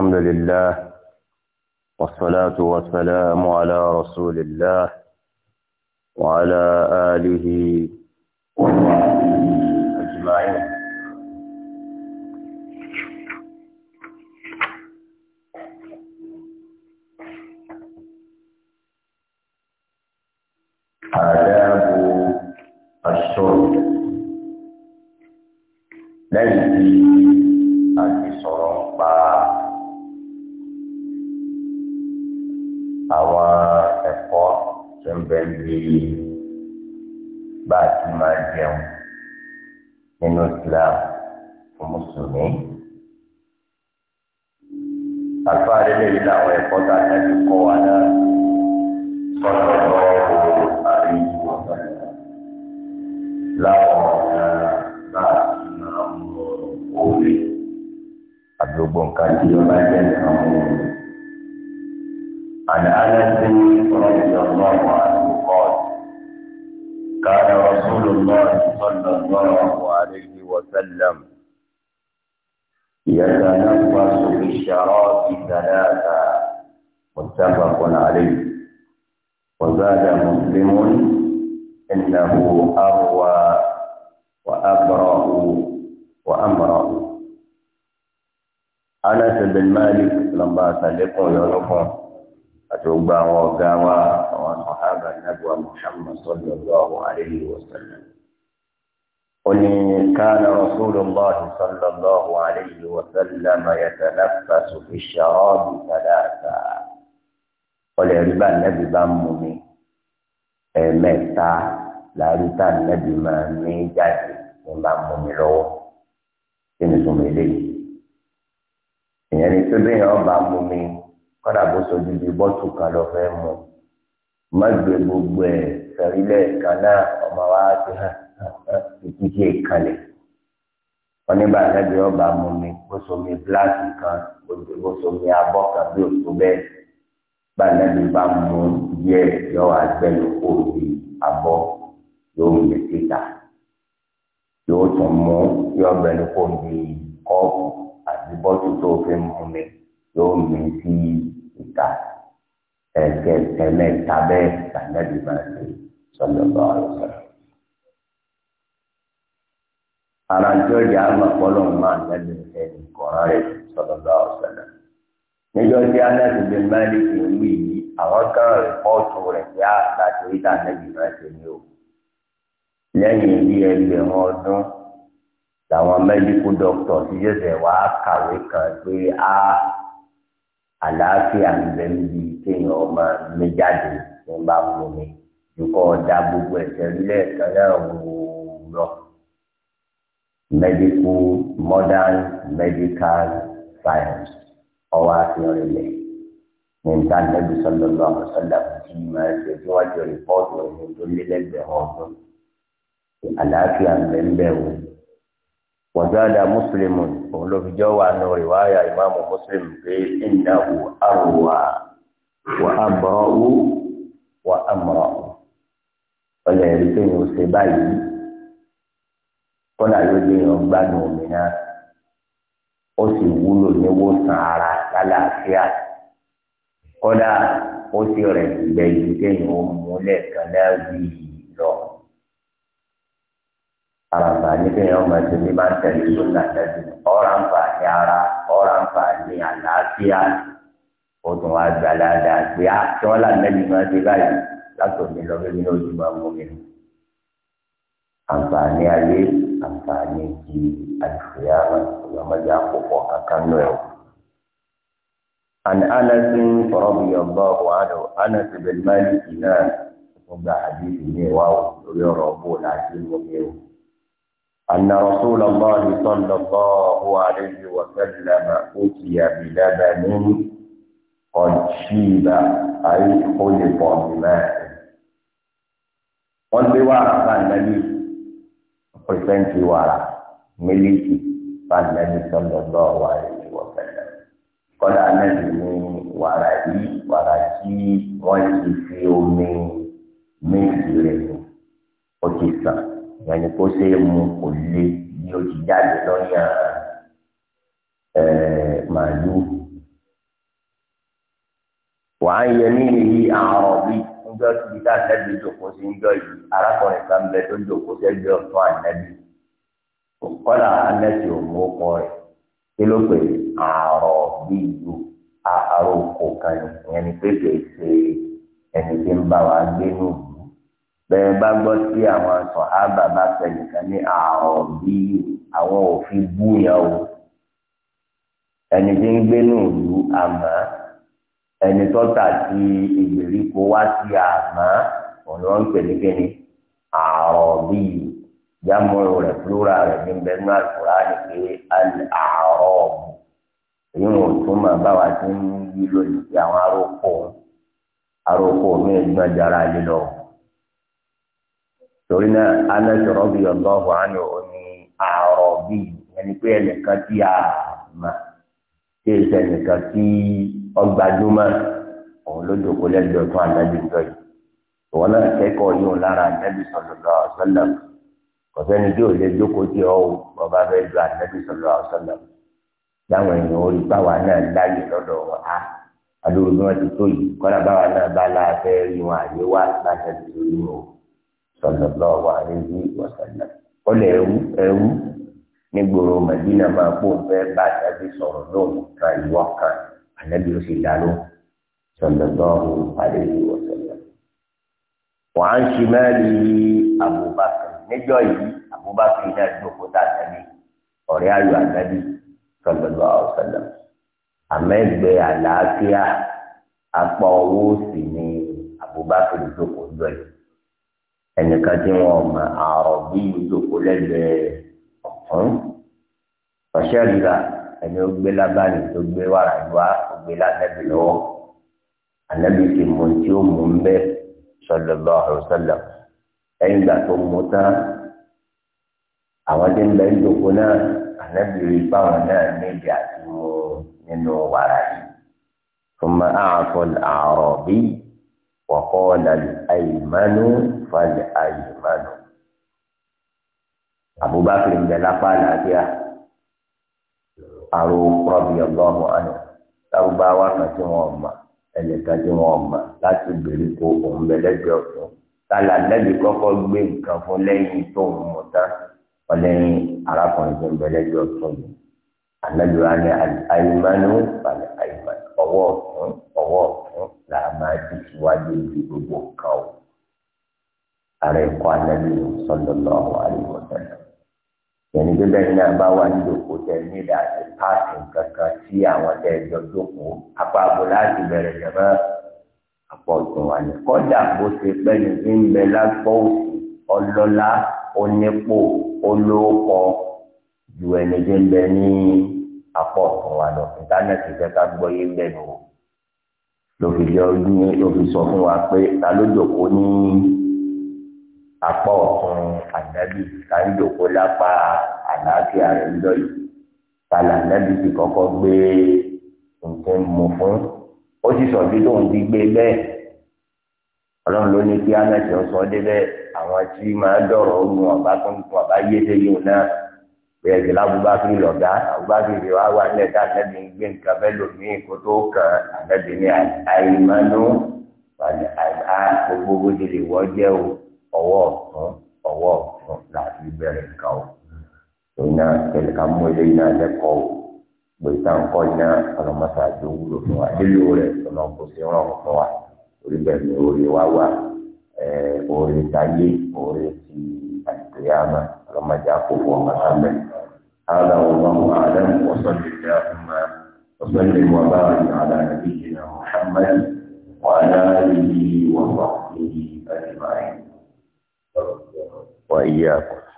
الحمد لله والصلاة والسلام على رسول الله وعلى آله أجمعين آداب الشرب ليس أن يصرف tó ń bẹ níbi bá a ti máa jẹun nínú Islam fún mùsùlùmí. àlùfáà adélé yìí làwọn ẹ̀kọ́ tá a tẹ́lẹ̀ kọ́ wa náà sọ̀tọ̀ lọ́wọ́ àárín ìwọ̀n láwọn ọ̀nà bá a ti máa mú ọ̀rọ̀ òwe àdúgbò nǹkan tí ó bá jẹ́ nǹkan mú ọ̀rọ̀. عن انس رضي الله عنه قال كان رسول الله صلى الله عليه وسلم يتنفس بالشراب ثلاثا متفق عليه وزاد مسلم انه اقوى وابرا وامرا انس بن مالك لما سلكوا يا àti gbogbo àwọn ọ̀gá wa àwọn sọ̀hábà nàbùwà Muhammad sallallahu alayhi wa sallam. ó ní kana rasulullah sallallahu alayhi wa sallam yatanaffasu fi sharabi thalatha. ọ̀lẹ̀ rí bá nàbì bá ń mú mi ẹ̀ẹ̀mẹ́ta làárítà nàbì máa ń ní jáde ní bá mú mi lọ́wọ́ kí ni sùnmù eléyìí. ìyẹn ni pé bẹ́ẹ̀ ọba mú mi kọ́dà bó sojú di bọ́tù kan lọ fẹ́ mu má gbé gbogbo ẹ̀ sẹ̀rí lẹ́ẹ̀kan náà ọmọ wa ti hàn títí tí èkánlẹ̀ wọ́n ní bá àtẹ́bí ọba mu mi bó somi gíláàsì kan bó somi abọ́ kan bí òtún bẹ́ẹ̀ bá àtẹ́bí bá mu díẹ̀ yọ̀wọ̀ àgbẹ̀lú òbí abọ́ yóò yẹ síta yóò tún mú yọ̀bẹ̀lú òbí kọ́ọ̀pù àti bọ́tù tó fi mú mi yóò mi sí ìta ẹ̀kẹ́ tẹ̀mẹ́ta bẹ́ẹ̀ tàbí máa ṣe sọ́dọ̀tọ̀ àlùfẹ́. ara tí ọjà àmọ̀pọ̀lọ̀ máa ń gbẹ́dẹ̀ ẹni kọ̀ọ̀rọ̀ rẹ̀ sọ́dọ̀tọ̀ àlùfẹ́ náà. níjọ́ tí anáàtì bíi máàlìkì ń wí yìí àwọn kan rìpọ́ọ̀tù rẹ̀ pé àgbà tó rí tàbí máa ṣe ni o. lẹ́yìn bí ẹgbẹ̀rún ọdún làwọn mẹ́díkù dọ́kítọ̀ ti ṣẹ̀ṣẹ̀ wá kàwé kan pé a àlàáfíà ń bẹ níbi kéèyàn ọmọ mi jáde tó ń bá mú mi dukọ da gbogbo ẹsẹ̀ lẹ̀ kẹlẹ wúlọ medical modern medical science ọwọ́ àfihàn ilẹ̀ nígbà nẹbi sọlọ lọ àwọn sọlọ tí ma ṣe tí wọn jọ rìpọtù ọdún tó lé lẹ́gbẹ̀rún ọdún àlàáfíà ń bẹ wò wàzáàdà mùsùlùmù òun ló fi jọ wà nù rìwáyà ìmáàmù mùsùlùmù pé ìnáwó àrùwà wà á bọ̀rọ̀ wù wà á mọ̀rọ̀ ọ̀lẹ̀ rí pé yóò ṣe báyìí kọ́nà yóò dé yàn gbádùn òmìnira ó sì wúlò níwòsàn ara lálàáfíà kọ́dà ó sì rẹ̀ gbẹ̀yìn téèyàn ó mú lẹ́ẹ̀kan náà wí yìí àǹfààní bẹ́ẹ̀ ọmọ ẹ̀sìn ní máa ń tẹ̀lé sóńdà orang ọ̀rọ̀ orang ara ọ̀rọ̀ àǹfààní àlàáfíà ó tún wá gbà dáadáa pé á tí wọ́n là mẹ́rin máa ti báyìí látòmí lọ di ní ojú máa mú mi. àǹfààní ayé àǹfààní ti àlùfíà ọ̀yọ́mọdé àkókò kankan náà ẹ̀wọ̀. عن انس رضي الله عنه انس بن مالك أن رسول الله صلى الله عليه وسلم أتي بلبن قد شيب أي خلط بماء wọ́n gbé wá fànàbí pẹ̀sẹ̀ntì wàrà mílíkì fànàbí sọ̀lọ́dọ̀ wà lórí wọ̀fẹ̀lẹ̀. kọ́lá anábì ní wàrà yìí wàrà tí wọ́n ti fi omi méjì rẹ̀ ó ti sàn ìyẹn ni kó ṣe é mu kò le bí ó ti jáde lọ́yà màálù. wàá yẹ nílé yìí àwọn ọ̀bí ńjọ́ ti ká ànábì jòkó sí ńjọ́ yìí arákùnrin kan bẹ tó jòkó sẹ́gbẹ́ ọ̀tún ànábì kọ́lá anẹ́sì òmù ọkùn rẹ̀ kí ló pè àárọ̀ bíi ju àárọ̀ òkò kan yẹn ni pé kì ṣe ẹni tí ń bá wa gbé nù bẹ́ẹ̀ bá gbọ́ sí àwọn sọ̀hábà bá pẹ̀lú kan ní àrùn bí àwọn òfin búyàn o ẹni tí ń gbé ní ìlú àmọ́ ẹni tọ́ta ti ìgbèríko wá sí àmọ́ òun wọ́n ń pè ní kíni àrùn bí jámọ́rò rẹ̀ flora rẹ̀ ní bẹ́ẹ̀nú àkùrá ni pé àrùn èyí wọn ò túmọ̀ báwa ti ń yí lónìí sí àwọn arókò arókò mi ìgbọ́n jara lílọ́wọ́ torí náà anásọ̀rọ̀ bí ọlọ́hùn àánú òní àárọ̀ bíi ẹni pé ẹnìkan tí a mà ṣe é sẹ́nìkan tí ọgbàdúmọ̀ òun ló dòkó lẹ́gbẹ̀ẹ́ fún anábì ńlọ yìí ìwọ náà kẹ́kọ̀ọ́ yóò lára anábì sọ̀lọ̀ ọ̀sọ́lọ̀ kọ̀sẹ́ni tí ò lè jókòó tí ọ ọba fẹ́ ju anábì sọ̀lọ̀ ọ̀sọ́lọ̀ láwọn èèyàn orí báwa náà láyè lọ́dọ̀ wọn á adúlùmí wọn ti tó yìí kọ́lá báwa náà bá láàfẹ́ rí wọn àyè wá láṣẹ tuntun yìí o sallallahu alayhi wa sallam ó lè ẹrú ẹrú nígboro Madina máa kó fẹ́ bá àtàbí sọ̀rọ̀ lóhùn kan ìwọ kan ànábì ó sì dànù sallallahu alayhi wa sallam. wọ́n á ń ṣe mẹ́rin Abubakar níjọ́ yìí Abubakar iná ìjókòó tá àtàbí ọ̀rẹ́ ayọ̀ àtàbí sallallahu alayhi wa sallam. àmẹ́gbẹ́ àlàáfíà apá owó sì ni Abubakar ìjókòó yìí ẹnìkan tí wọn mọ àrọ bí ìjókòó lẹ́gbẹ̀ẹ́ ọ̀tún ọ̀ṣẹ́ rírà ẹni ó gbé lábàánì tó gbé wàrà ìwà ògbé lánàbì lọ́wọ́ ànábì ti mú tí ó mú mbẹ sallallahu alaihi wasallam ẹ̀yìn ìgbà tó mú tán àwọn tí ń bẹ ń náà ànábì rí báwọn náà méjì àti mú nínú wàrà yìí thumma a'ta al-a'rabi. وقال الأيمن فالأيمن أبو بكر بن لقال أتيا أروق رضي الله عنه تربى وفتي وما ẹnìkan tí wọn mọ láti gbèríko òun bẹlẹgbẹ ọtún tálà lẹbi kọ́kọ́ gbé nǹkan fún lẹ́yìn tóun mọ tán ọlẹyìn arákùnrin tó ń bẹlẹgbẹ ọtún yìí ànájọ wa ní àyìnbánu pàlẹ àyìnbánu ọwọ́ ọtún ọwọ́ là á máa di síwájú ibi gbogbo nǹkan ara ẹ̀kọ́ anábì sallallahu alaihi wasallam yẹnni tó bẹ́ẹ̀ náà bá wà ní ìdòkó tẹ nílẹ̀ àti páàkì kankan tí àwọn tẹ ẹjọ́ jókòó apáàbò láti bẹ̀rẹ̀ jẹ̀mọ́ àpọ̀ ọ̀tún wà ní. kọ́dà bó ṣe pẹ́ ní bí ń bẹ lápò òsì onípò olóòkọ ju ẹni tí ní apọ̀ ọ̀tún wà lọ. ìtánẹ̀tì fẹ́ ká gbọ́ yé mẹ́nu o lófi jẹ ojú lófi sọ fún wa pé ta ló jòkó ní apá ọ̀tún ànábì ta ló jòkó lápá àlàáfíà rẹ̀ ńlọ yìí ta là ànábì ti kọ́kọ́ gbé nǹkan mú fún ó sì sọ bí tóun ti gbé bẹ́ẹ̀ ọlọ́run ló ní kí amẹ́sì ọ̀sán dé bẹ́ẹ̀ àwọn tí máa dọ̀rọ̀ ogun ọ̀bá tó ń gun ọ̀bá yé dé yìí náà bẹ́ẹ̀ jìlá abubakar lọ̀gá abubakar ti wá wà nílẹ̀ tá àtẹ́bí ń gbé nǹkan fẹ́ lòmíì kó tó kàn àtẹ́bí ní àìmánú gbogbo bó ti lè wọ́ jẹ́ o ọwọ́ ọ̀tún ọwọ́ ọ̀tún láti bẹ̀rẹ̀ nǹkan o lóyún náà tẹ̀lé ká mú eléyìí náà lẹ́kọ̀ọ́ o pé táǹkọ́ iná ọlọ́mọta àti owúlò fún wa lílo rẹ̀ ọ̀nà kò sí fún wa orí bẹ́ẹ̀ ni orí wa wà orí táyé orí ti àtìkèyàmá. كما جاء ومحمد هذا والله أعلم وصل اللهم وسلم وبارك على نبينا محمد وعلى آله وصحبه أجمعين وإياكم